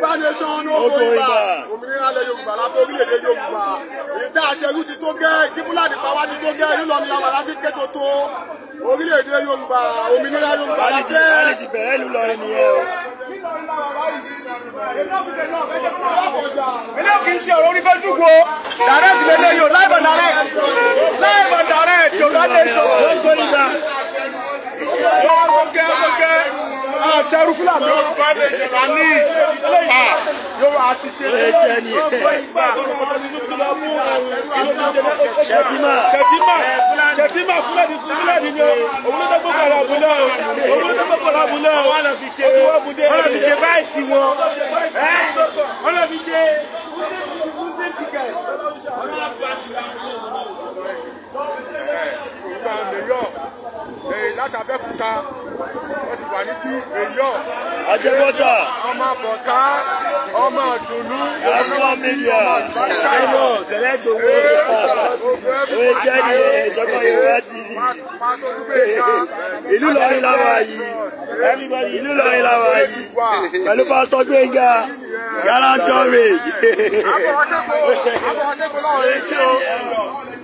yorùbá nation ogo ibà òmìnira ilẹ̀ yorùbá lábẹ́ orílẹ̀-èdè yorùbá ìdá àṣẹrú ti tó gẹ́ tìbúlàdì pàwá ti tó gẹ́ nílò mi làwọn aláṣẹ kẹtò tó orílẹ̀-èdè yorùbá òmìnira yorùbá láfẹ́. báyìí ti bẹ̀rẹ̀ lù lọrin nìyẹn o. ilé òkè ń ṣe ọ̀rọ̀ orí facebook o direct lele yo live and direct live and direct yorùbá nation ogo ibà. Ah, Ah, c'est un Chatima, Chatima, sẹ́rú fúlàní. yorùbá lè ṣe On ní ìgbà yóò àti On lè jẹ ní ìgbà. On ṣètìmá ṣètìmá fúlàní fúlàní ni òun ló dẹ́gbọ́ kọ̀ọ̀rọ̀ àbúlé o òun ló dẹ́gbọ́ On àbúlé o wọ́n lọ fi ṣe wọ́n lọ fi ṣe báyìí wọn wọ́n lọ On ṣe wúndé tìkẹ̀ wọ́n lọ fi ṣe. látàbẹ́kúta àríkú èyọ. ajẹ́bọ́tà. ọmọ bọ̀ká ọmọ dùnú. yasọ mídíà ẹnu sẹlẹgbẹwò ìwé jẹni ẹjọba Yorùbá TV ìlú lọrin làwà yìí ìlú lọrin làwà yìí pẹ̀lú pásítọ̀ Gbénga gallant comrade. àbọ̀ wá sẹ́kọ̀ọ́ àbọ̀ wá sẹ́kọ̀ọ́ láwọn etí o.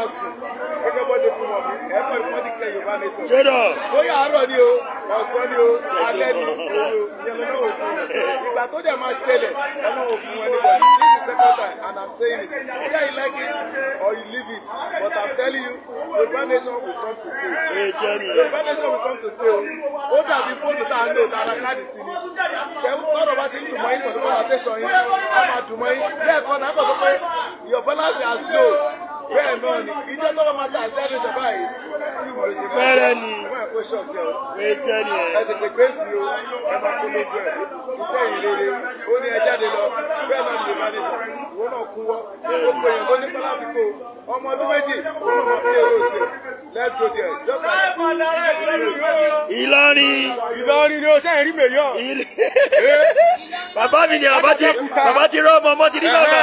council gẹ́gẹ́ bọ́ ṣe fún wọn mi ẹ mọ̀ ìfọ́n ti kílẹ̀ yorùbá nation. jẹ́dọ̀. bóyá àárọ̀ ni o ọ̀sán ni o alẹ́ ni o ìyẹn ló ń fún un ìgbà tó dẹ̀ máa ṣẹlẹ̀ ẹ máa ń fún ẹni bọ̀ this is second time and i'm saying it either you like it or you leave it but i'm telling you yorùbá nation will come to stay. yorùbá nation will come to stay o ó dàbí fóònù tá a ń lò tara káàdì sí ni tọ́rọ̀ bá ti ń dùnmọ́ yín pẹ̀lú conversation yín a máa dùnmọ́ yín lẹ́ẹ̀kan náà kọ́ sọ pé your balance has low bẹ́ẹ̀ náà ni ìjọ tó wọ́n máa ta àṣẹ́nu ṣe báyìí pẹ́rẹ́ ni wẹ́jẹ́ ni ẹ̀ ẹ tètè gbèsè o ẹ máa kó lójú ẹ̀ iṣẹ́ ìrere ó ní ẹ jáde lọ bẹ́ẹ̀ náà ni ìbáde ìwọ náà kú wọ́ gbogbo èèyàn tó ní kọ́lá ti kó ọmọ ọdún méjì ó lọ́mọ bí èrò ṣe let's Ìlọrin Ìlọrin ni o ṣe rí mèyọ. Bàbá mi ni bàbá ti rọ́ ọmọ ọmọ ti ní bàbá.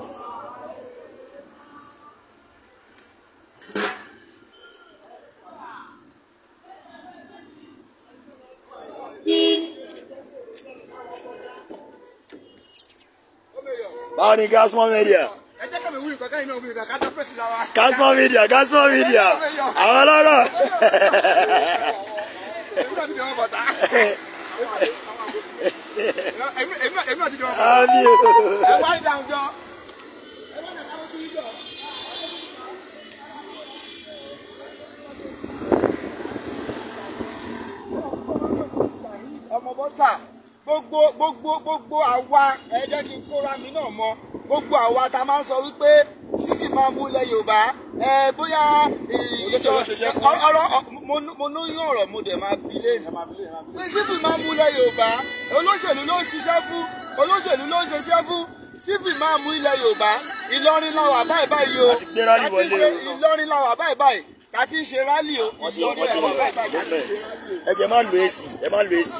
báwo ni gasmo Media. gasmo Media gasmo Media àwọn ọlọ́rọ̀. èmi o. àbọ́sà gbogbo gbogbo gbogbo àwa ẹ jẹ́ kí n kóra mi náà mọ gbogbo àwa ta máa ń sọ wípé ṣífì máa mú ilẹ̀ yorùbá ẹ bóyá ìjọ ọ̀rọ̀ mo lóyún ọ̀rọ̀ mo dẹ̀ máa bi lẹ́nu pé ṣífì máa mú ilẹ̀ yorùbá olóṣèlú ló ń ṣiṣẹ́ fún olóṣèlú ló ń ṣiṣẹ́ fún ṣífì máa mú ilẹ̀ yorùbá ìlọrin làwà báyìí báyìí o láti gbé rálì wọlé o ìlọrin làwà báyìí báyìí láti ń ṣe rálì o ìlọrin làwà báyìí báyìí láti ń ṣe rálì o. ẹ jẹ́ má lo èsì ẹ má lo èsì.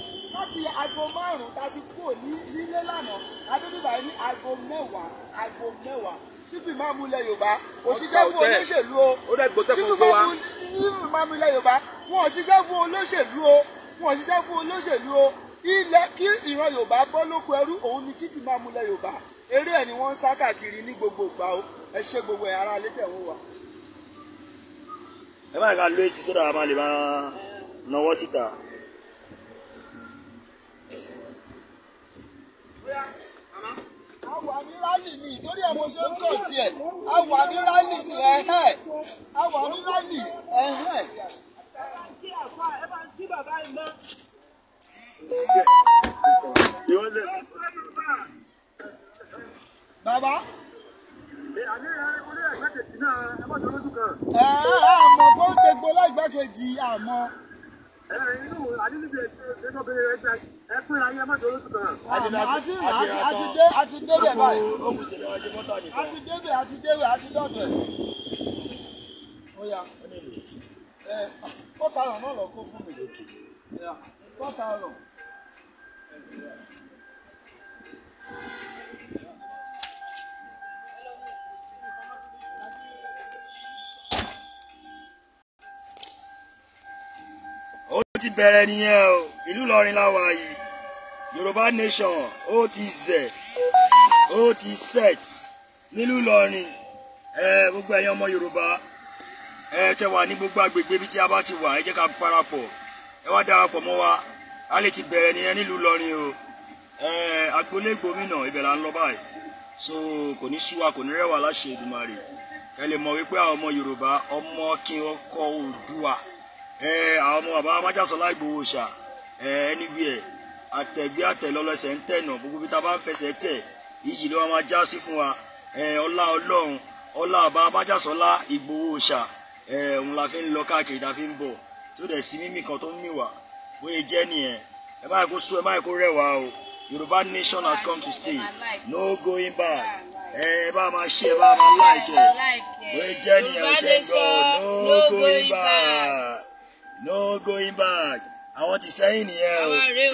láti aago márùn-ún ta ti kúrò ní nílé lánàá adébíbà ní aago mẹ́wàá aago mẹ́wàá sífì máa mú ilẹ̀ yorùbá kò ṣiṣẹ́ fún olóṣèlú o sífì máa mú ilẹ̀ yorùbá wọn ò ṣiṣẹ́ fún olóṣèlú o wọn ò ṣiṣẹ́ fún olóṣèlú o ilẹ̀ kí ìran yorùbá bọ́ lóko ẹrú òun ni sífì máa mú ilẹ̀ yorùbá eré ẹ̀ ni wọ́n ń sá káàkiri ní gbogbo ìgbà o ẹ ṣe gbogbo ẹ̀ ara létẹ̀ wọ́n wà. ẹ má ka lo èsì sódà a máa lè síta. a wà ní rálì ni ìtòrí ẹ̀ mo ṣe ń kọ̀ tiẹ̀ a wà ní rálì ni a ti débẹ̀ a ti dọ̀dọ̀ ẹ̀ ó yá ẹ fún mi four thousand. ti bẹ̀rẹ̀ nìyẹn o ìlú Ìlọrin la wà yìí Yorùbá Nation OTZ ó ti set nílùú Ìlọrin gbogbo ẹ̀yin ọmọ Yorùbá ẹ tẹ wà ní gbogbo agbègbè ibi tí a bá ti wà ẹ jẹ́ ká parapọ̀ ẹ wá darapọ̀ mọ́ wa a lè ti bẹ̀rẹ̀ nìyẹn nílùú Ìlọrin o agboolé gómìnà ibẹ̀ là ń lọ báyìí so kò ní sú wa kò ní rẹwà láṣẹ Èdùmàrè ẹ lè mọ̀ wípé àwọn ọmọ Yorùbá ọmọ kí n kọ àwọn ọmọ bàbá amájàsọ láì gbowó ṣà ẹni bí ẹ àtẹ̀gbé àtẹ̀lọ́lọ́sẹ̀ ń tẹ̀nà gbogbo bí ta bá ń fẹsẹ̀ tẹ̀ iyì ló máa já sí fún wa ọlá ọlọ́run ọlá àbá abájàsọ́lá Ìgbòho òòṣà òun la fi ń lọ káàkiri ta fi ń bọ̀ tó dẹ̀ sí mímì kan tó ń mì bóyá jẹ́ nìyẹn ẹ báyìí kó sú ẹ báyìí kó rẹwà o Yorùbá nation has come to stay no going back ẹ bá máa ṣe ẹ bá máa láìkẹ bóyá jẹ́ nìyẹn ò ṣe gbọ́ no going back no going back àwọn ti sẹ́yìn nìyẹn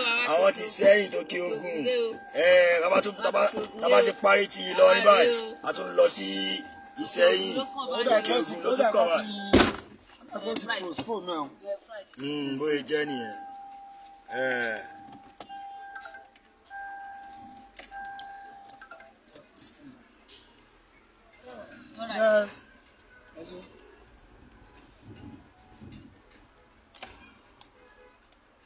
o àwọn ti sẹ́yìn tó kí ogun tábà ti parí ti Ìlọrin báyìí a tún lọ sí Ìsẹ́yìn kí ogun ló tún kọ̀ wá. bóyá jẹ́ nìyẹn. Yes.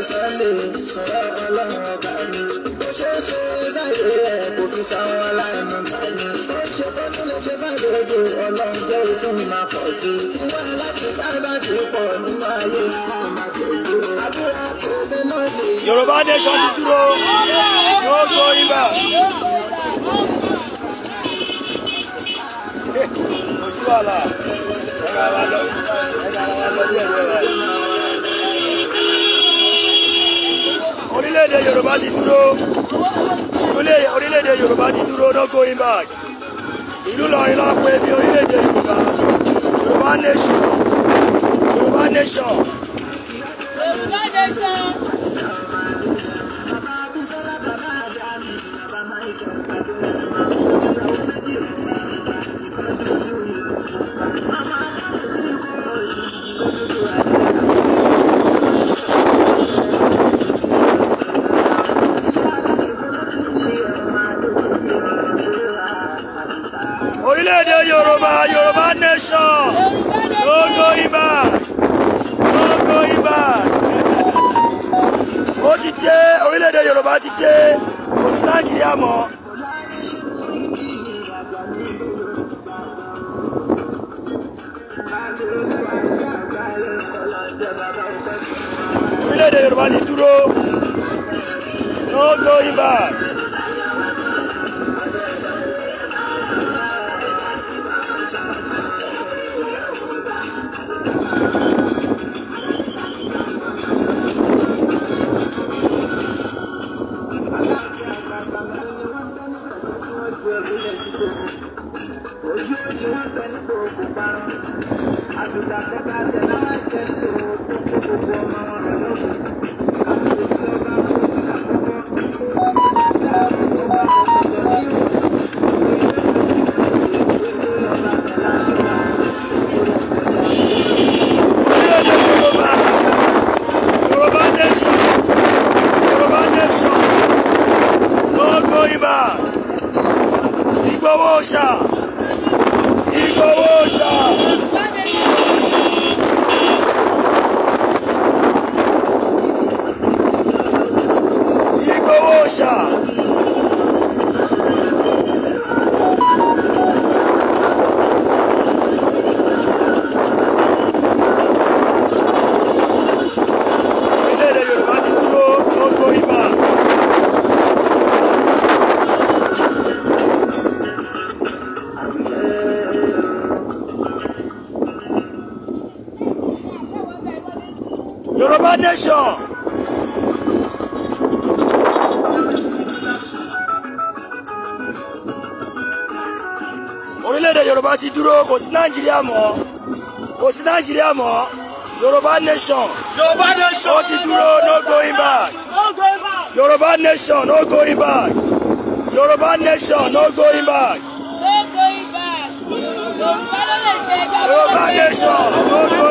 sẹ́lẹ̀ sọ̀rọ̀ ọlọ́run ọba mi. Bó ṣe ń ṣe sáyé Yorùbá nation ti dúró yóò tó ibà. Eh, kò sí wàhálà, ẹ̀ka wa lọ, ẹ̀ka wa lọ díẹ̀ díẹ̀ báyìí. orílẹ̀-èdè yorùbá ti dúró orílẹ̀-èdè yorùbá ti dúró no going back ìlú lọrin lọ pé bí orílẹ̀-èdè yorùbá yorùbá nation yorùbá nation. yorùbá nation. orílẹ̀-èdè Yorùbá no going back. nàìjíríà mọ́ kò sí nàìjíríà mọ́ yorùbá nation yorùbá nation ó ti dúró no going back yorùbá nation no going back yorùbá nation no going back yorùbá nation no going back.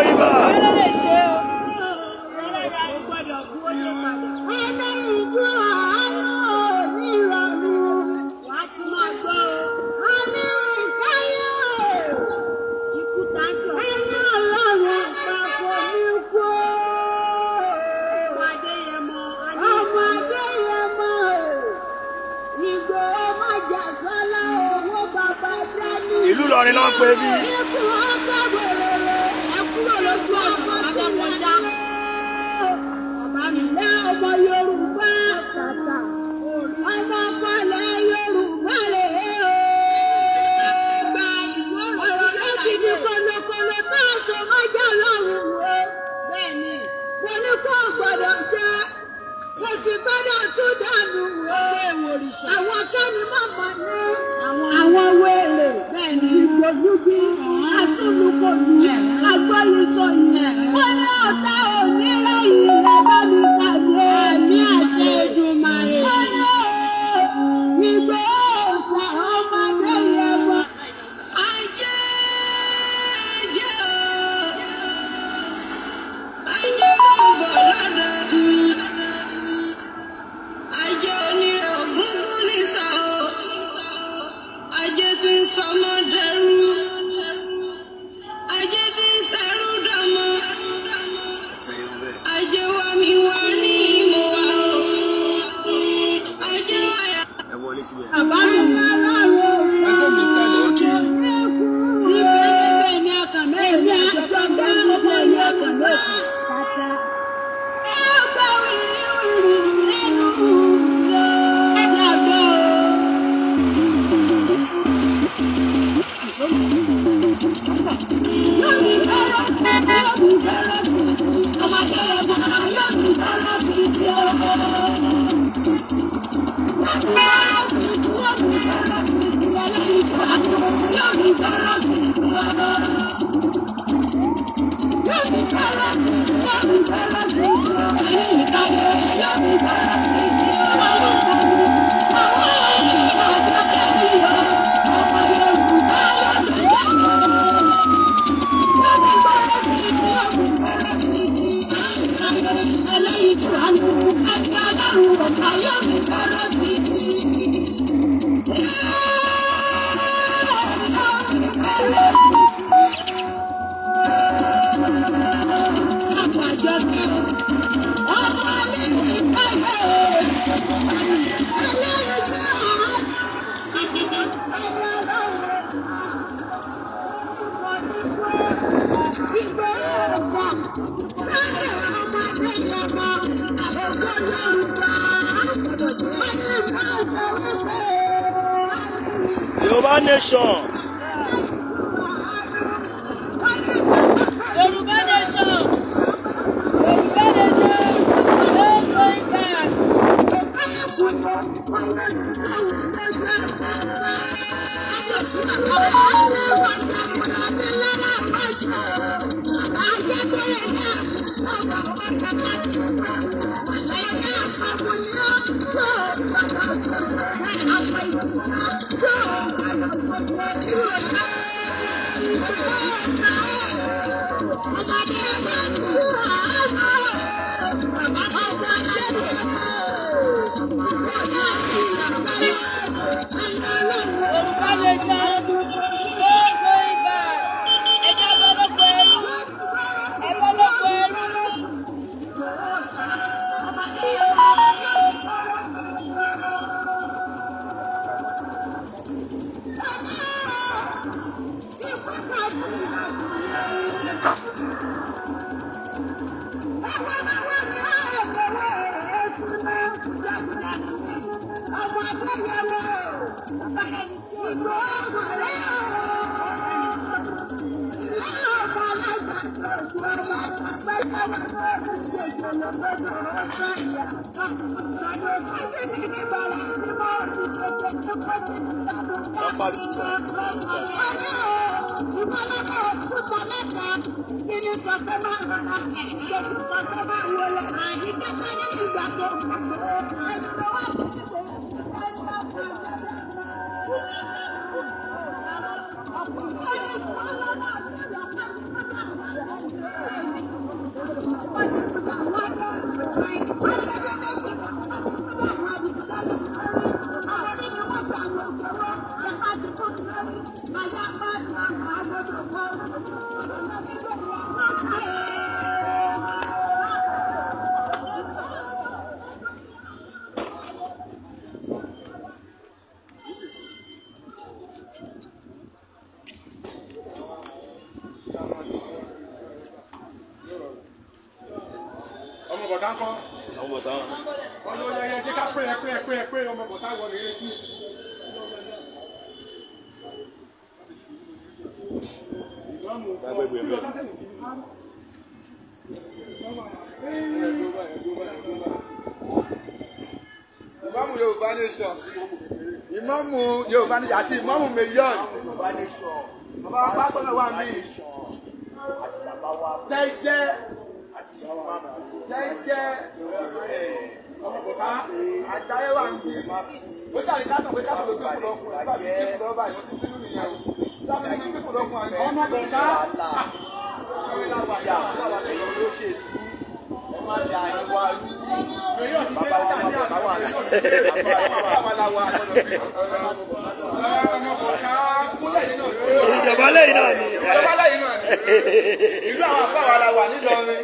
ọmọ bẹ̀ká ìjọba lẹ́yìn náà ni ìjọba lẹ́yìn náà ni ìlú àwọn afáwàlà wà nílọrin.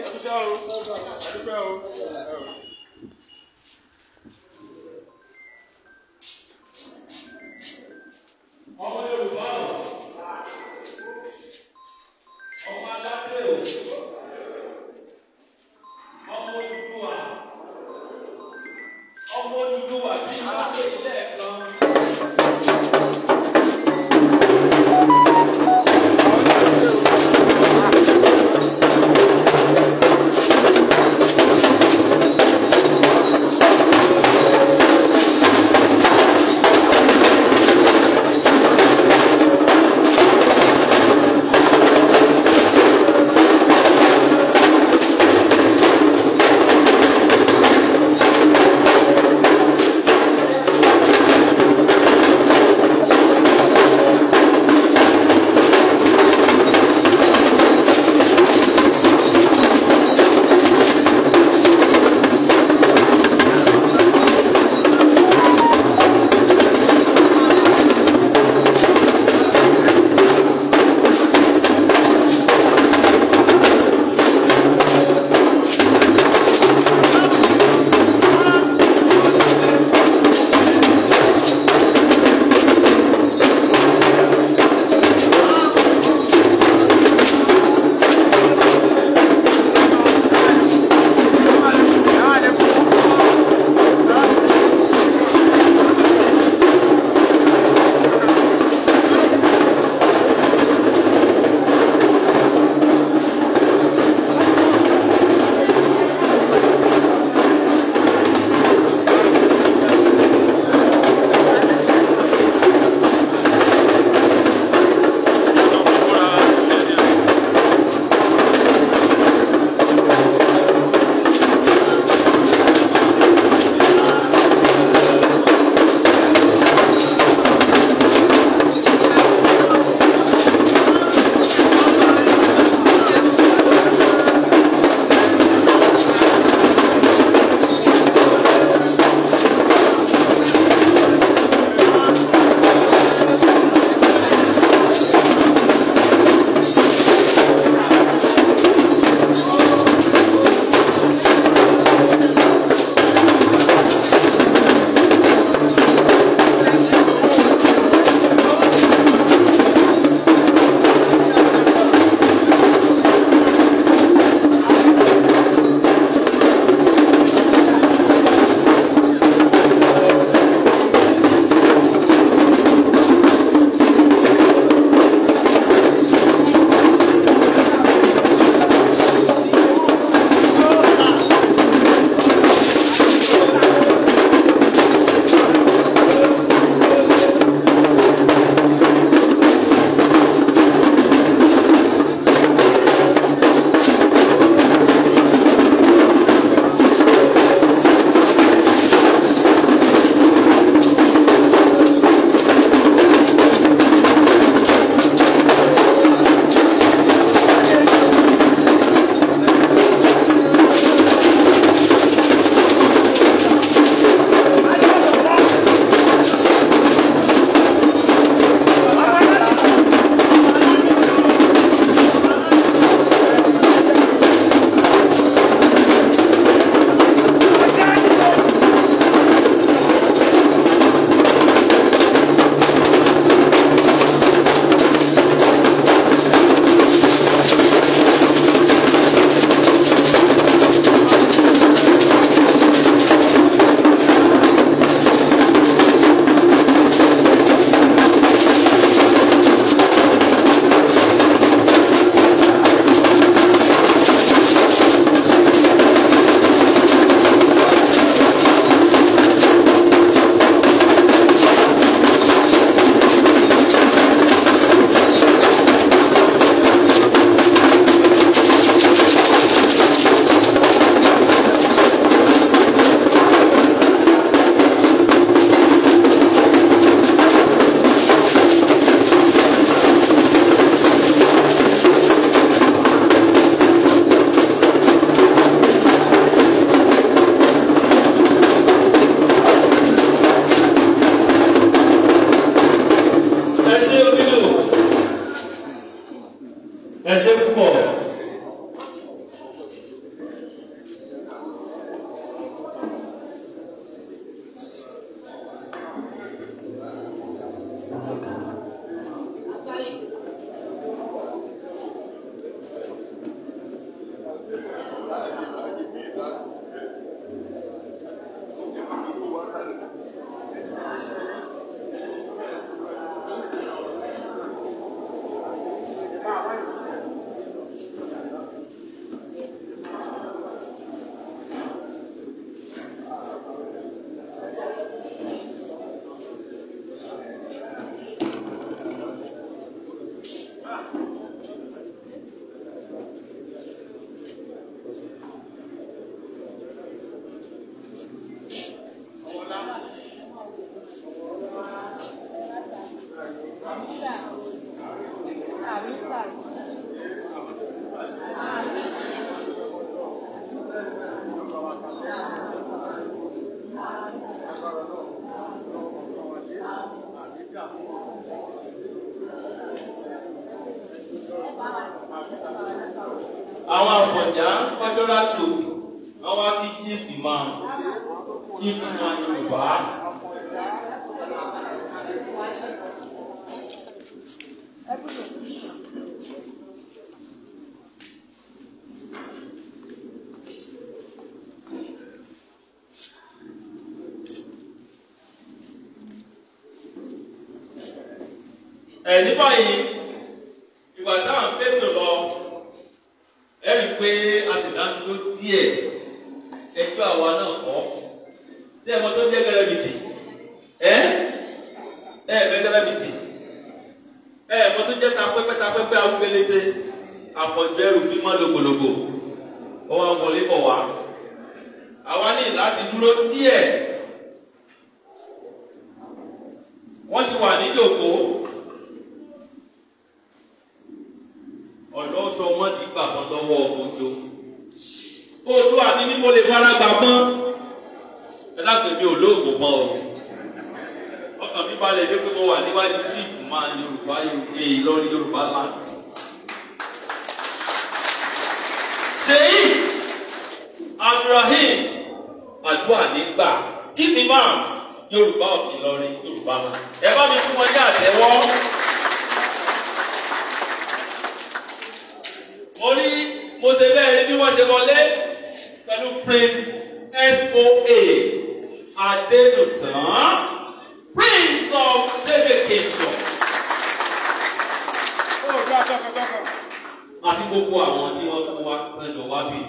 àti gbogbo àwọn tí wọ́n kó wá lọ́jọ́ wá bí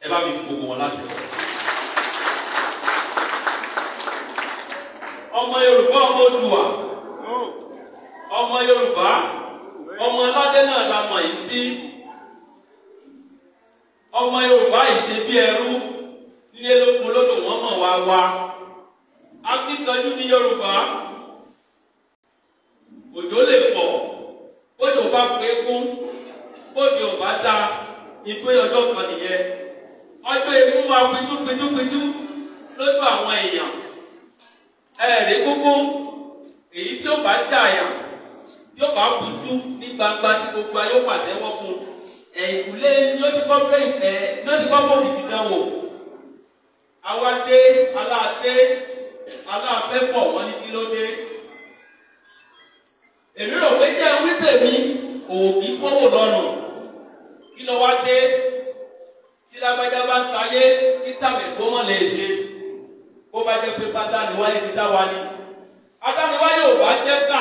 ẹ bá mi gbogbo wọn láti lọ. ọmọ Yorùbá ọmọ Oòduà ọmọ Yorùbá ọmọ aládé náà la mọ̀ yìí sí ọmọ Yorùbá yìí ṣe bí ẹrú nílé lóko lódò wọn mọ̀ wá wá akíkanjú ní Yorùbá òjò lè pọ̀ bójú ò bá pé kún bójú ò bá da ìgbé ọjọ́ kan nìyẹn ọjọ́ ikú máa pitú pitú pitú lójú àwọn èèyàn ẹ̀rí gbogbo èyí tí ó bá dàyà tí ó bá kújú ní gbangba tí gbogbo ayé ó pàṣẹwọ́ fún ẹ̀yìnkùlé ni ó ti kọ́ fẹ́ ẹ̀ ní ó ti kọ́ fọ́ọ̀mù ìdánwò àwa dé aláàdé aláàfẹ́fọ̀ wọ́n ní kí ló dé èmi rò pé jẹ́ wí tèmi òògì kówó lọ́nà kí ló wá dé tí lágbájá bá sáyé kí tàbí gbọ́mọ̀ lè ṣe bó bá jẹ́ pé pátá ni wáyé ti dá wa ni adániwáyé ò bá jẹ́ kà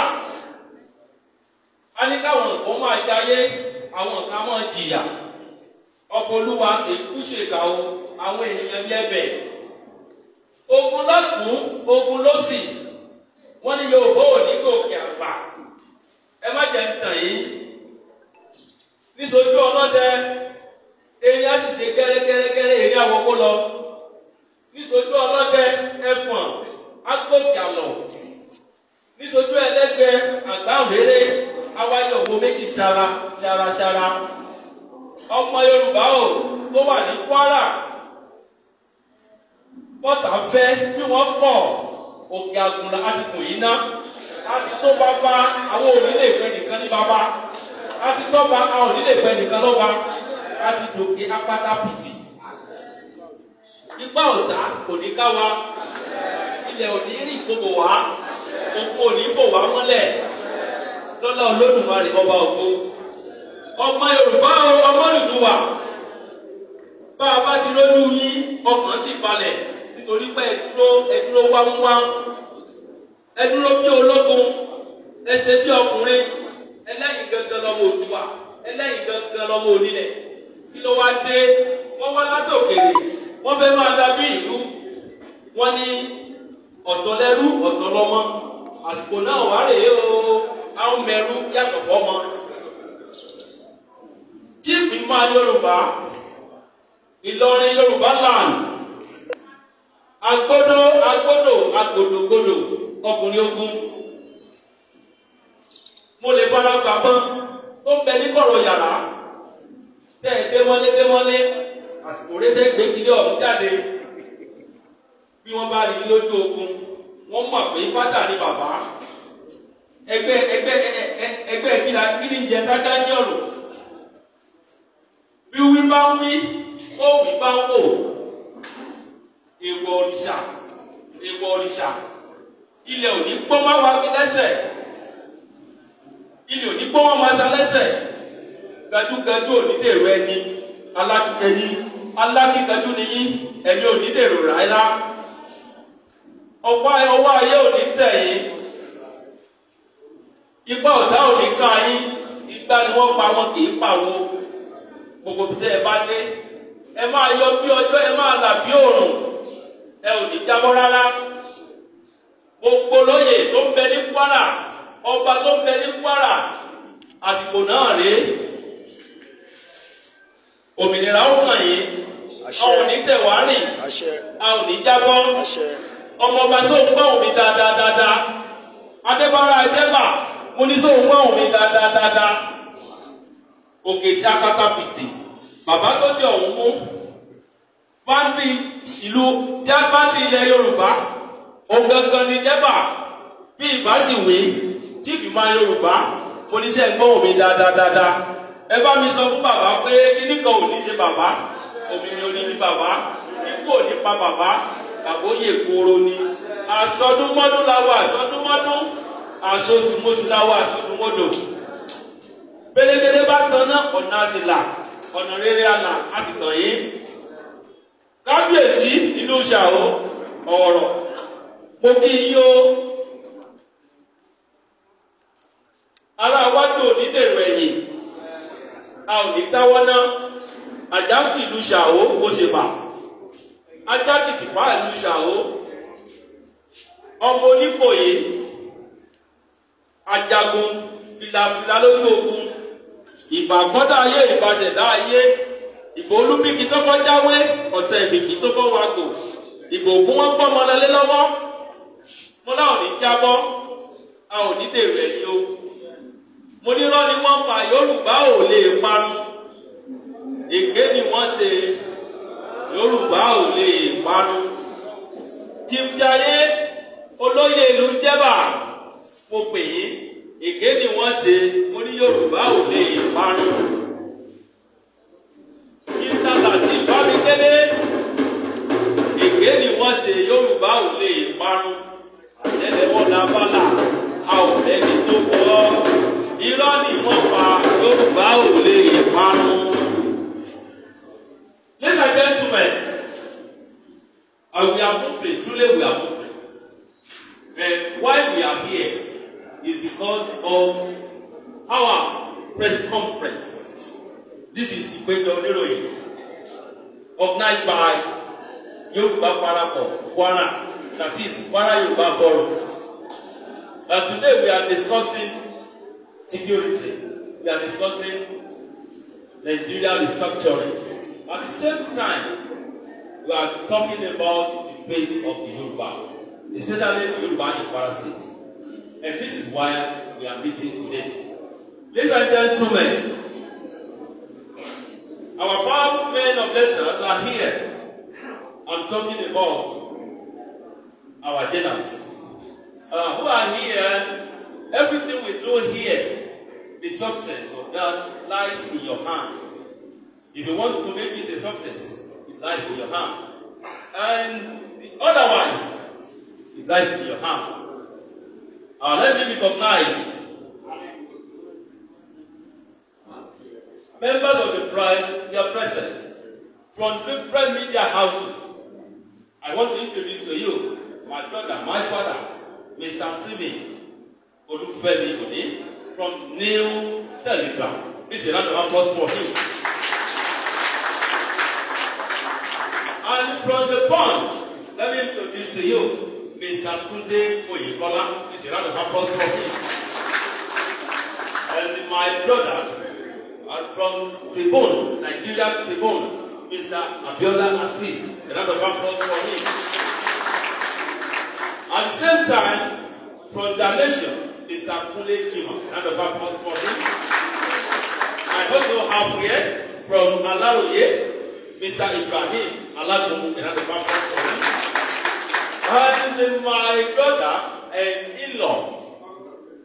á ní káwọn nǹkan máa jayé àwọn nǹkan máa jìyà ọkọ̀ olúwa èkú ṣèkà o àwọn èèyàn bí ẹbẹ̀ ogun lọ́tún ogun lọ́sì wọ́n ní Yorùbá ò ní gòkè àgbà ẹ má jẹ́ tàn yín níṣojú ọlọ́dẹ eyín á sì ṣe gẹ́rẹ́gẹ́rẹ́gẹ́rẹ́ èyí àwọn kó lọ níṣojú ọlọ́dẹ ẹfọ̀n agbókè àlọ́ níṣojú ẹlẹ́gbẹ́ àgbáwéré awáyọ̀ wo méjì ṣara ṣara ṣara ọmọ Yorùbá o tó wà ní Kwara bọ́tà bí wọ́n kọ̀ òkè àgùnlá àti kòyí náà àti tó bàbá àwọn onílé ìfẹ́ nìkan ní bàbá àti tọ́ba àwọn onílé ìfẹ́ nìkan lọ́ba àti dòkè apáta pìtì ipá ọ̀tá kò ní ká wa ilẹ̀ òní rí ìkóbò wá òkú òní bò wá mọ́lẹ̀ lọ́lá olódùmarè ọba ògo ọmọ yorùbá ọmọ lùlù bá a bá ti lójú yín ọkàn sì balẹ̀ nítorí pé ẹ dúró ẹ dúró wámúwámú ẹ dúró bí ológun ẹ ṣe bí ọkùnrin ẹlẹ́yìn gangan lọ́wọ́ òtúwà ẹlẹ́yìn gangan lọ́wọ́ onílẹ̀ kí ló wá dé wọ́n wá látòkèrè wọ́n fẹ́ máa darí ìlú wọ́n ní ọ̀tọ̀ lẹ́rú ọ̀tọ̀ lọ́mọ àsìkò náà wà rèé o àwọn mẹ́rú yàtọ̀ fọ́mọ. jíìpì máa Yorùbá Ìlọrin Yorùbá land agbódó agbódò agbòdògbòdò ọkùnrin ogun mo lè fara pamọ́ tó ń bẹ ní kọ̀rọ̀ yàrá tẹ́ ẹ gbé mọ́lé gbé mọ́lé àsìkò rẹ tẹ́ gbé kílé ọ̀hún jáde bí wọ́n bá rí lójú ogun wọ́n mọ̀ pé fádà ni bàbá ẹgbẹ́ ẹgbẹ́ ẹgbẹ́ kíla kí ni jẹ dájá ní ọ̀rọ̀ bí wí bá ń wí ó wí bá ń wò èèwọ̀ òrìṣà èèwọ̀ òrìṣà ilẹ̀ ò ní gbọ́ máa wá mi lẹ́sẹ̀ ilẹ̀ ò ní gbọ́ máa sa lẹ́sẹ̀ gàdúgàdú ò ní dèrò ẹni alákìkẹyí alákìkẹdú ni yín ẹ̀yin ò ní dèrò ráyá ọwọ́ ọwọ́ ayé ò ní tẹ̀ yín ipá ọ̀tá ò ní ká yín igbá ni wọ́n pa wọn kì í pàwo gbogbo tẹ́ ẹ bá dé ẹ máa yọ bí ọjọ́ ẹ máa là bí òòrùn ẹ ò ní jábọ́ rárá gbogbo lóye tó ń bẹ ní Kwara ọba tó ń bẹ ní Kwara àsìkò náà rèé òmìnira ó kàn yín àwọn onítẹ̀wárìn àwọn oníjábọ́ ọmọọba sóun gbọ́ òun mi dáadáa dáadáa adébára ẹgbẹ́bà mo ní sóun gbọ́ òun mi dáadáa dáadáa òkè tí akata pìtì bàbá tó dé ọ̀hún mú bá ń bí ìlú bá ń bí ilẹ̀ Yorùbá òun gangan ni NEPA bí ìbá sì wé tí ìfìmọ̀ Yorùbá foníṣẹ́ gbọ́n mi dáadáa dáadáa ẹ bá mi sọ fún bàbá pé kíní kan ò ní ṣe bàbá òmìnir ò ní ní bàbá ikú ò ní pa bàbá àbóyè kóró ni àsọdúnmọ́dún làwọn àsọdúnmọ́dún àsosùmọ́sù làwọn àsọdúnmọ́dún pélékélé bá tan náà ọ̀nà àsìlà ọ̀nà rere àlà àsìtàn yìí kábíyèsí ìlú ṣàwó ọ̀rọ̀ mo kí i yó ara wájú onídèrò ẹ̀yìn a ò ní táwọ́ ná àjákì ìlú ṣàwó kó ṣe bà ajákì tìpá ìlú ṣàwó ọmọ oníkòyè ajagun filafila lójú ogun ìbàgbọ́dá ayé ìbàṣẹ̀dá ayé ìbò olúbìkì tó kọ́ jáwé ọ̀sẹ̀ ìbìkì tó kọ́ wakò ìbò ògún wọn pọ́ ọmọ lọ́wọ́ mo láwọn ní jábọ́ a ò ní dèrò ẹ̀yìn o mo ní rọ́ ni wọ́n pa Yorùbá ò lè parun èké ni wọ́n ṣe Yorùbá ò lè parun jìbìayé olóyè ìlú jẹ́bà mo pè yín èké ni wọ́n ṣe mo ní Yorùbá ò lè parun ìsàlà tí bá mi délé èké ni wọ́n ṣe Yorùbá ò lè parun. Yorùbá Ladies and gentlemen, we are moving, truly we are moving. And why we are here is because of our press conference. This is Ìpéjọ Oníròyìn organized by Yorùbá Parapọ̀ Kwara that is Wara Yoruba Forum and today we are discussing security we are discussing Nigeria restructuring at the same time we are talking about the fate of the Yoruba especially the Yoruba in Kwara State and this is why we are meeting today ladies and gentlemen our powerful men of letters are here I'm talking about our journalists, uh, who are here, everything we do here, the success of that lies in your hand. If you want to make it a success, it lies in your hand. And the otherwise, it lies in your hand. Uh, let me recognize members of the press are present from different media houses. I want to introduce to you my brother, my father, Mr. Timi Olufemi Oni from New Telegram. This is another of applause for him. and from the bond, let me introduce to you Mr. Tunde Oyinkola. This is another of applause for him. and my brother, and from Tribune, Nigeria Tribune, Mr. Abiola Assis. Another round applause for him. At the same time, from Dalmatia, Mr. Kunle Jima. Round of applause for him. I also have here from Alaroye, Mr. Ibrahim Alagun. Round of applause for him. And my brother and in-law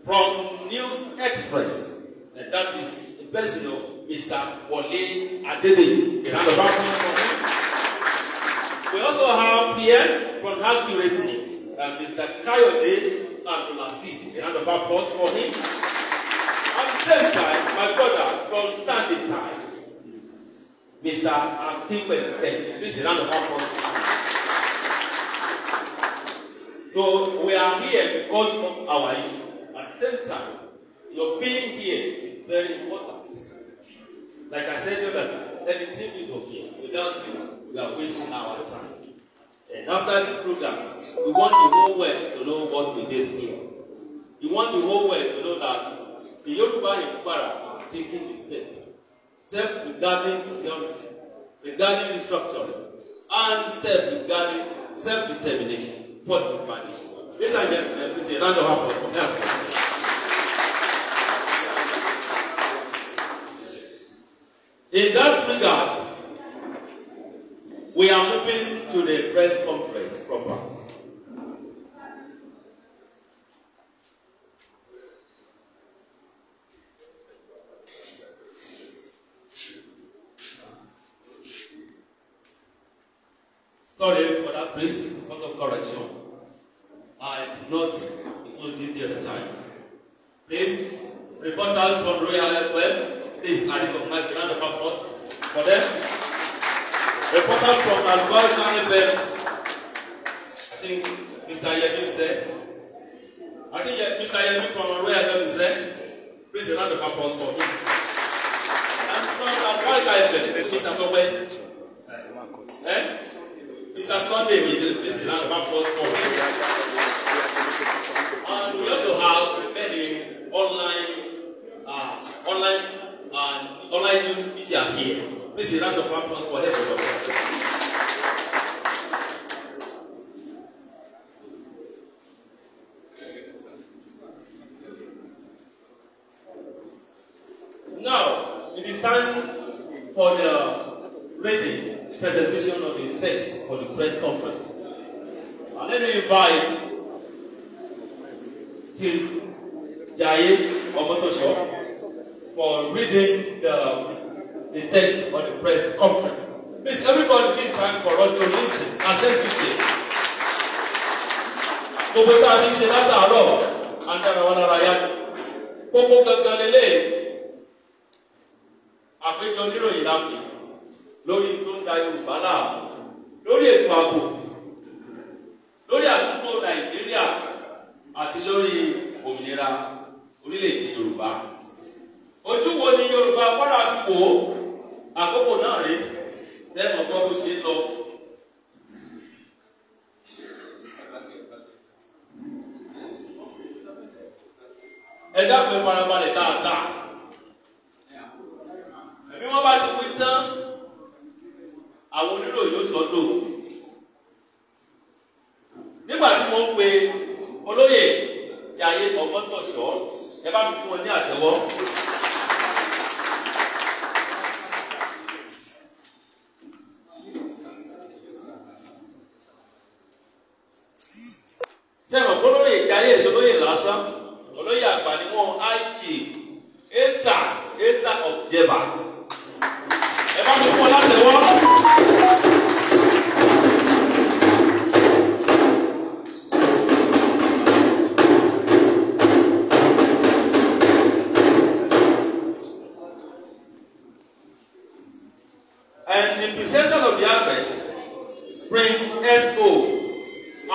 from New Express, and that is the person of Mr. Wole Adedeji. Round of applause for him. We also have here from Hakiretni uh, Mr. Kayode Abdulaziz. A round of applause for him. At the same time, my brother from Standing Times, Mr. Akinwete. This is a round of applause. So we are here because of our issue. At the same time, your being here is very important. Like I said earlier, anything we do here, without you, we are wasting our time. And after this program, we want the whole world to know what we did here. We want the whole world to know that the Yoruba Empire has taking the step. Step regarding security, regarding restructuring, and step regarding self-determination for the humanity. Ladies and gentlemen, please a round of applause for them. In that regard, We are moving to the press conference proper. Sorry for that, please. Because of correction, I did not include it at the time. Please, reporters from Royal FM, please, I recognize the round of applause for them. Reporter from Albarca FM, I think Mr. Yemi said. I think Mr. Yemi from Albarca FM said. Please a round of applause for him. And from Albarca FM, Mr. Towe. Eh? Mr. Sunday, please a round of applause for him. And we also have many online, uh, online, uh, online news media here. Please a round of applause for everyone. by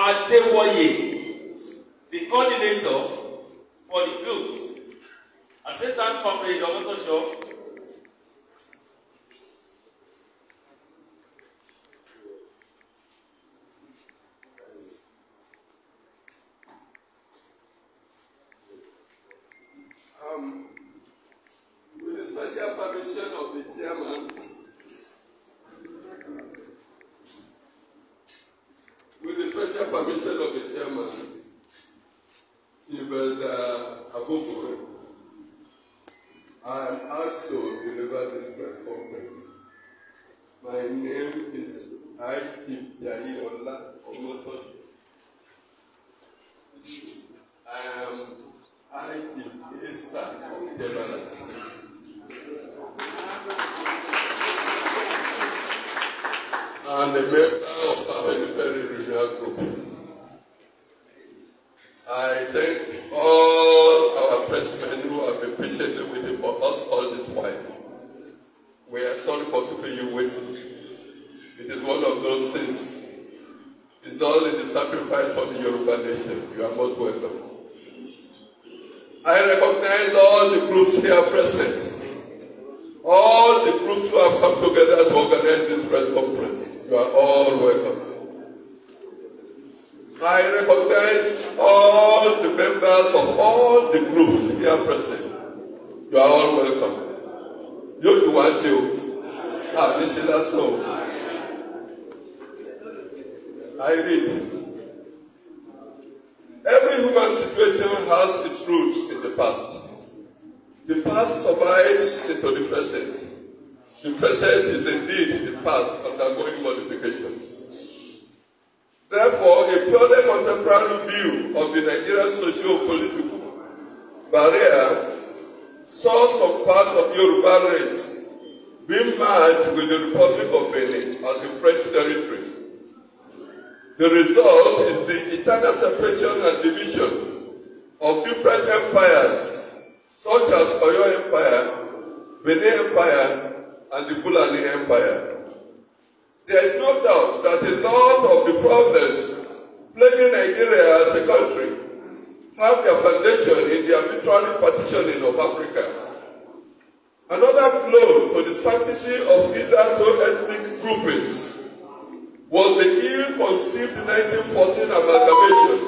Adewoye, the coordinator for the groups, assistant from the motor shop, Berea saw some part of Yoruba race being merged with the Republic of Benin as a French territory. The result is the eternal separation and division of different empires such as Oyo Empire, Benin Empire, and the Fulani Empire. There is no doubt that a lot of the problems plaguing Nigeria as a country have their foundation in the arbitrary partitioning of Africa. Another blow to the sanctity of hitherto ethnic groupings was the ill-conceived 1914 amalgamation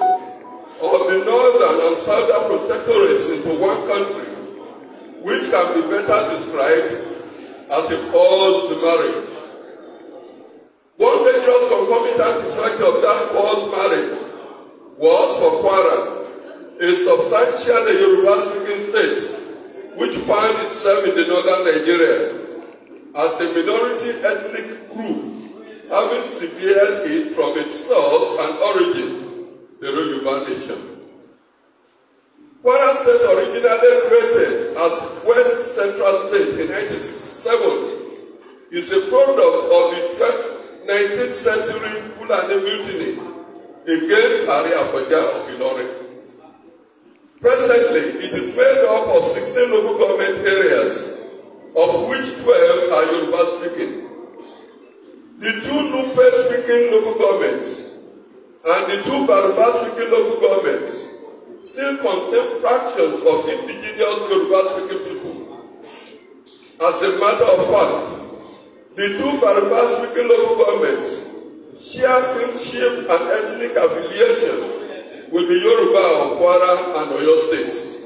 of the northern and southern protectorates into one country, which can be better described as a cause to marriage. One dangerous concomitant effect of that forced marriage was for Kwara a substantial Yoruba-speaking state which found itself in the northern Nigeria as a minority ethnic group having severed it from its source and origin, the Yoruba nation. Kwara State originally created as West Central State in 1967 is a product of the 19th century Fulani mutiny against Ari Afoja of Ilorin. Presently, it is made up of 16 local government areas, of which 12 are Yoruba speaking. The two Nupe speaking local governments and the two Baruba speaking local governments still contain fractions of indigenous Yoruba speaking people. As a matter of fact, the two Baruba speaking local governments share kinship and ethnic affiliation will be Yoruba of Kwara and Oyo states.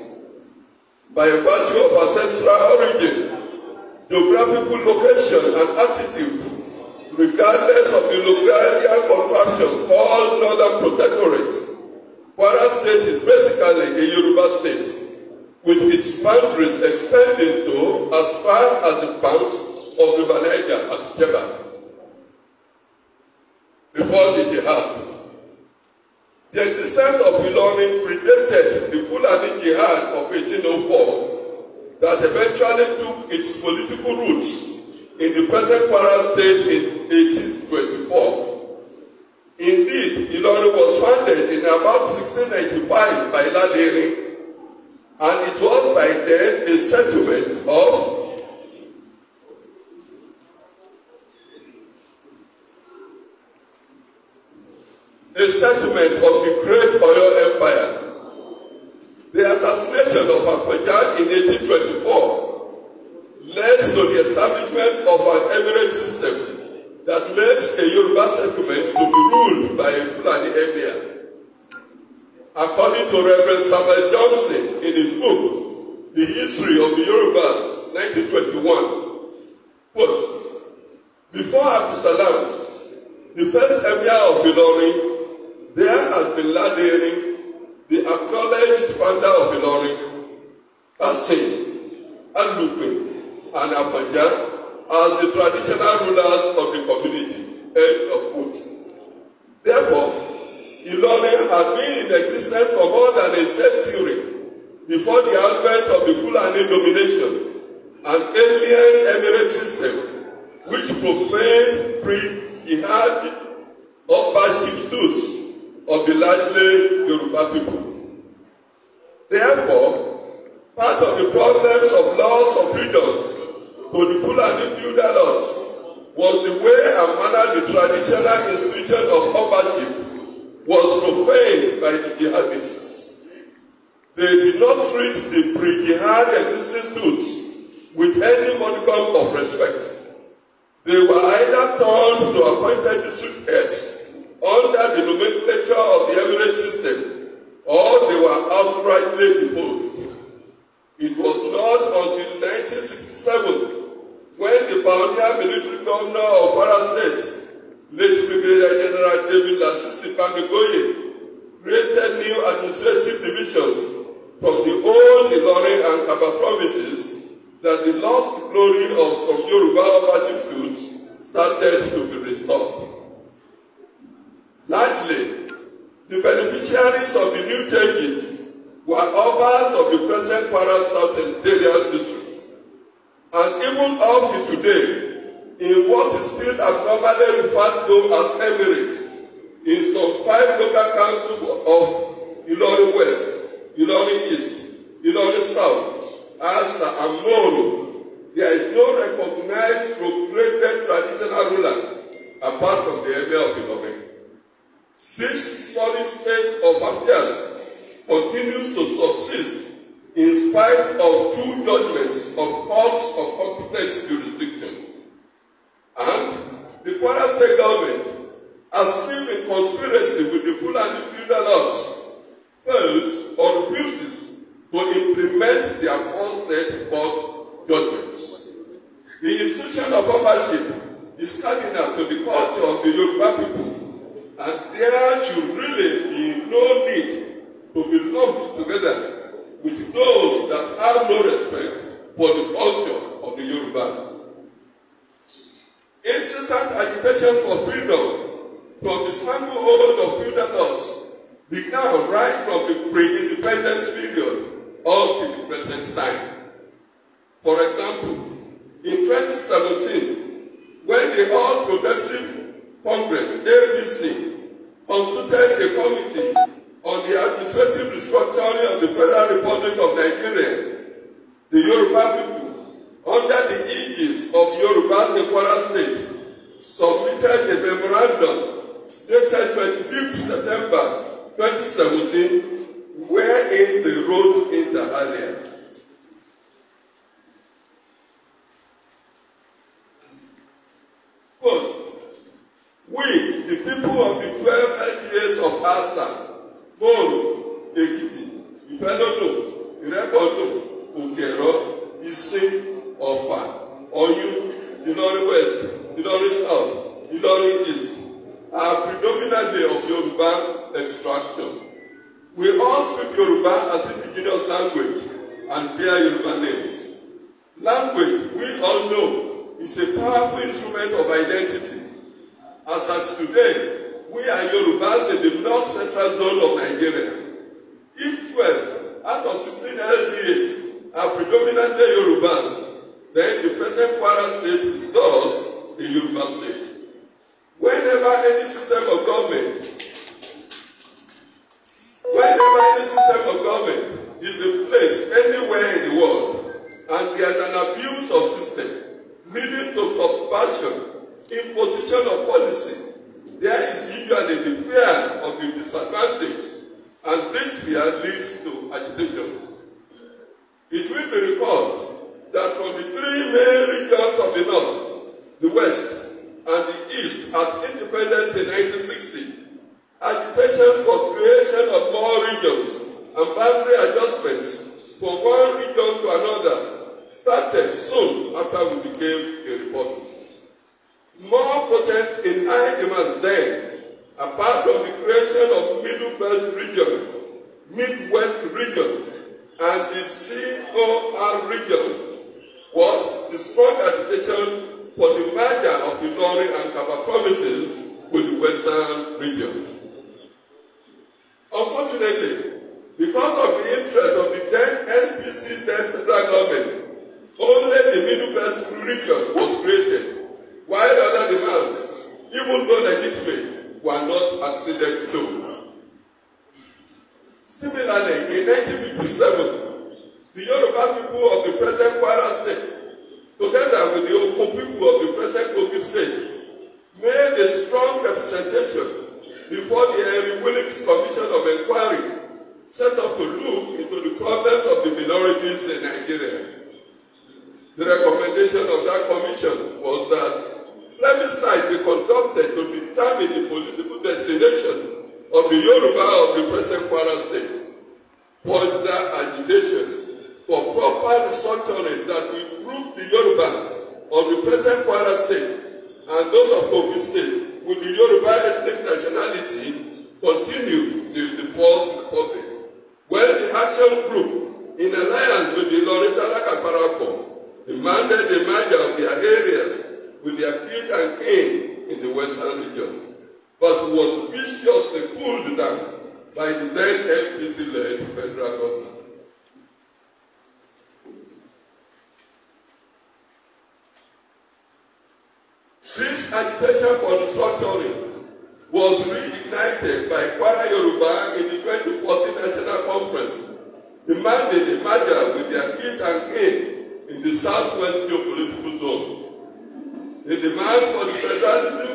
By virtue of ancestral origin, geographical location and attitude, regardless of the local contraction called Northern Protectorate, Kwara state is basically a Yoruba state, with its boundaries extending to as far as the banks of the Niger at Jeba before the jihad. The existence of belonging predated the Fulani Jihad of 1804 that eventually took its political roots in the present Kwara state in 1824. Indeed, Ilorin was founded in about 1695 by Ladiri, and it was by then a settlement of the settlement of the by the general institution of authorship was profaned by the jihadists. They did not treat the pre-jihad existing youths with any modicum of respect. They were either turned to appointed district heads under the nomenclature of the Emirate system or they were outrightly deposed. It was not until 1967 when the pioneer military governor of Para State late brigadier general david lasisi pamigoye created new administrative divisions from the old ilorin and kaba provinces that the lost glory of some yoruba battlefield's started to be restored. largely the beneficiaries of the new changes were obas of the present kwara south imperial district and even up to today in what is still abnormally referred to as emirate in some five local councils of Ilorin West, Ilorin East, Ilorin South, Asa, and Moro. There is no recognized, proclaimed traditional ruler apart from the emir of Ilorin. This solid state of affairs continues to subsist in spite of two judgments of courts of competent jurisdiction. And the Kwara State government, as seen in conspiracy with the Fulani feudal house, fails or refuses to implement the aforesaid court judgments. The institution of ownership is cardinal to the culture of the Yoruba people, and there should really be no need to be lumped together with those that have no respect for the culture of the Yoruba incessant agitation for freedom from the stranglehold of feudal laws began right from the pre-independence period up to the present time. For example, in 2017, when the All Progressive Congress (APC) constituted a committee on the administrative restructuring of the Federal Republic of Nigeria, the Yoruba people London soon after we became a republic. More potent in demands then, apart from the creation of Middle Belt region, Midwest In the month of September,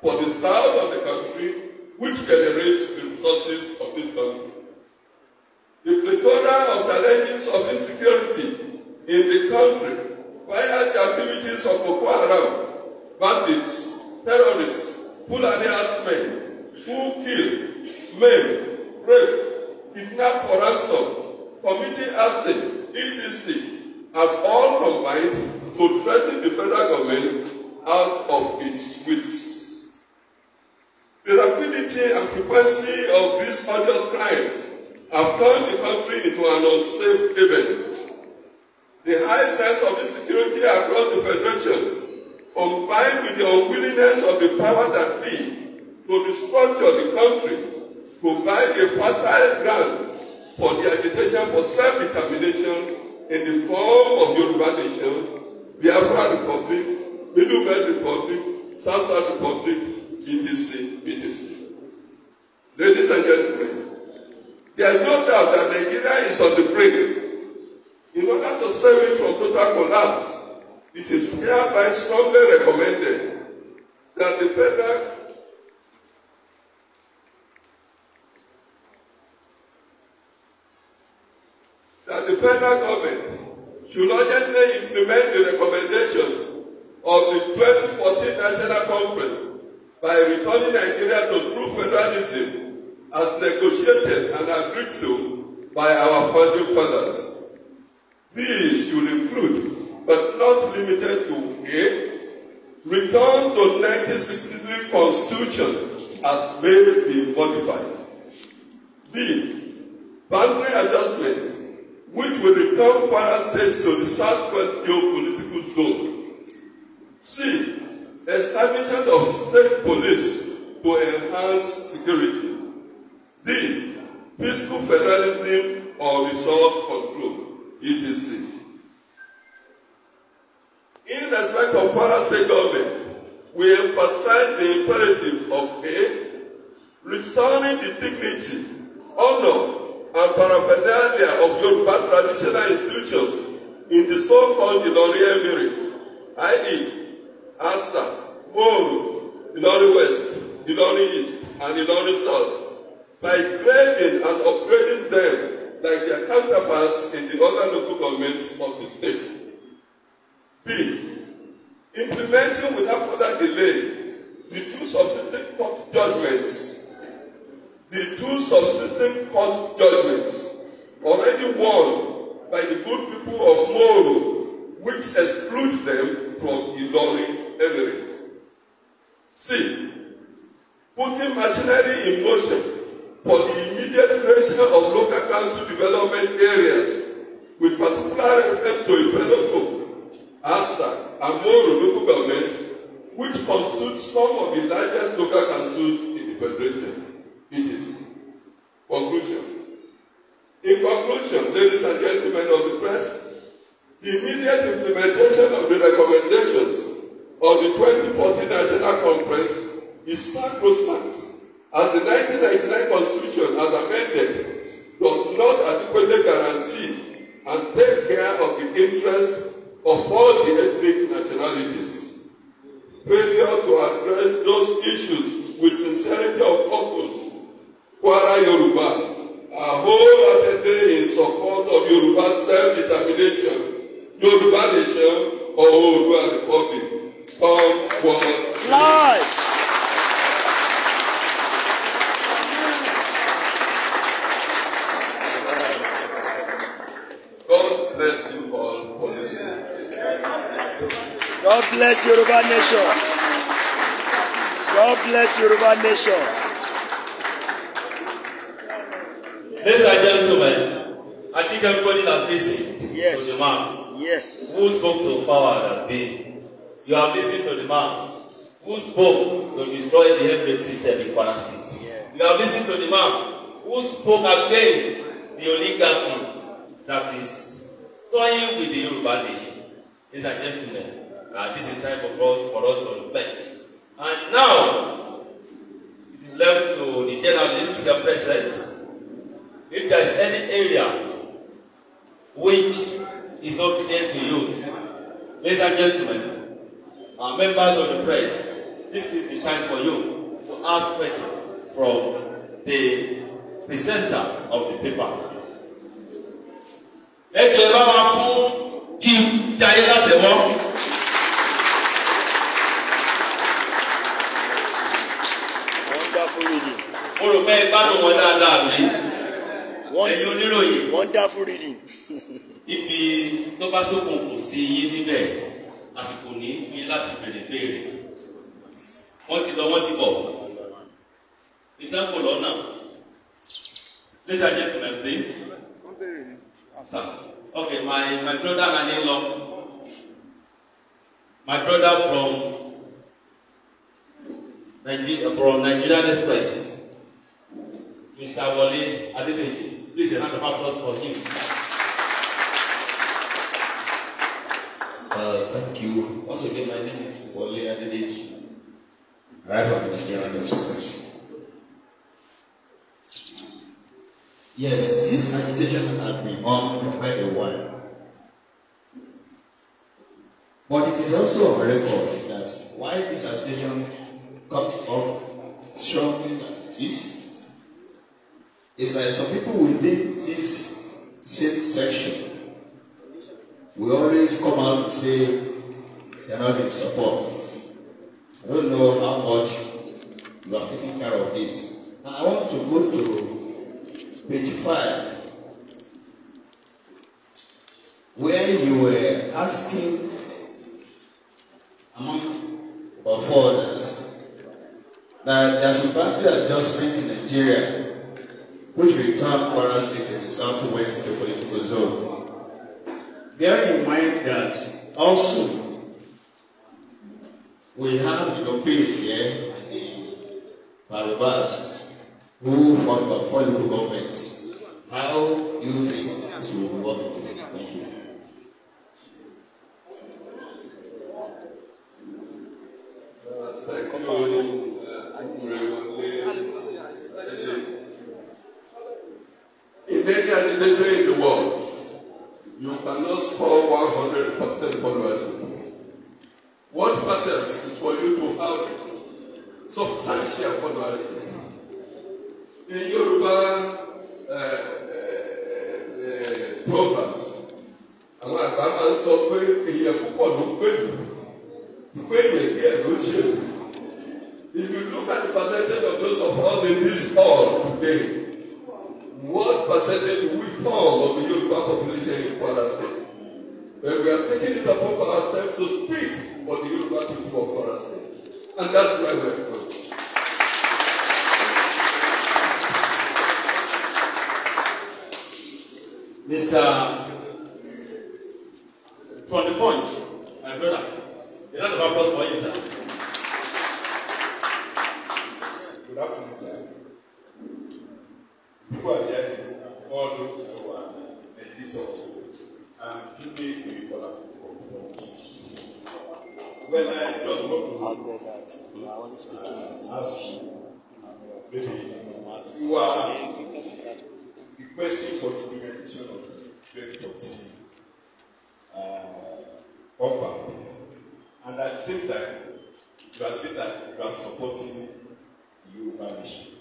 for the south of the country, which generates the resources of this country. enhance security. D. Fiscal federalism or resource control, etc. In respect of Kwara State government, we emphasize the imperative of A. Restoring the dignity, honor, and paraphernalia of Yoruba traditional institutions in the so-called Ilori Emirate, i.e., Asa, Moru, Ilori West, Ilorin East, and the Ilorin South by grading and upgrading them like their counterparts in the other local governments of the state. B. Implementing without further delay the two subsisting court judgments the two subsisting court judgments already won by the good people of Moro which exclude them from the Ilorin emirate. C putting machinery in motion for the immediate creation of local council development areas with particular reference to Ipedopo, Asa, and Moro local governments, which constitute some of the largest local councils in the Federation. It is conclusion. In conclusion, ladies and gentlemen of the press, the immediate implementation of the recommendations of the 2014 National Conference is sacrosanct as the 1999 constitution as amended does not adequately guarantee and take care of the interests of all the ethnic nationalities. Failure to address those issues with sincerity of purpose, Kwara Yoruba are wholeheartedly in support of Yoruba self-determination, Yoruba nation, or Oodua Republic. Come, one, live. God bless Yoruba nation. God bless Yoruba nation. Ladies and gentlemen, I think everybody has listened yes. to the man yes. who spoke to power that day. You have listened to the man who spoke to destroy the health system in Kwara State. Yeah. You have listened to the man who spoke against the oligarchy that is toying with the Yoruba nation. Ladies and gentlemen, Uh, this is time for us for us to reflect. And now, it is left to the journalists here present. If there is any area which is not clear to you, ladies and gentlemen, our members of the press, this is the time for you to ask questions from the presenter of the paper. ẹ jẹ́ bá fún chief Jaiye Látẹ̀wọ́. mo rò pé gbádùn wọn dáadáa mi ẹ̀yin oníròyìn. wonderful reading. ibi tó bá sókun kò sí iye níbẹ̀ àsìkò ní fi láti bèrè béèrè wọ́n ti lọ wọ́n ti bọ̀ ìdánkò lọ́nà please i get my place. Sir. okay my my brother na dey my brother from Nigeria from Nigerian Express. Mr. Wale Adedeji. Please, a round of applause for him. Uh, thank you. Once again, my name is Wale Adedeji. Right from the Nigerian Express. Yes, this agitation has been on for quite a while. But it is also a record that why this agitation comes up strongly as it is, it's like some people within this same section we always come out to say they're not in support. I don't know how much you are taking care of this. I want to go to page 5 where you were asking among our others that there's a boundary adjustment in Nigeria which will turn Kwara State in the southwest geopolitical zone. Bear in mind that also we have the Lopez here and the Barubas who form a political government. How do you think this will work? same time you are saying that you are supporting the Yoruba nation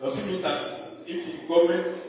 does it mean that if the government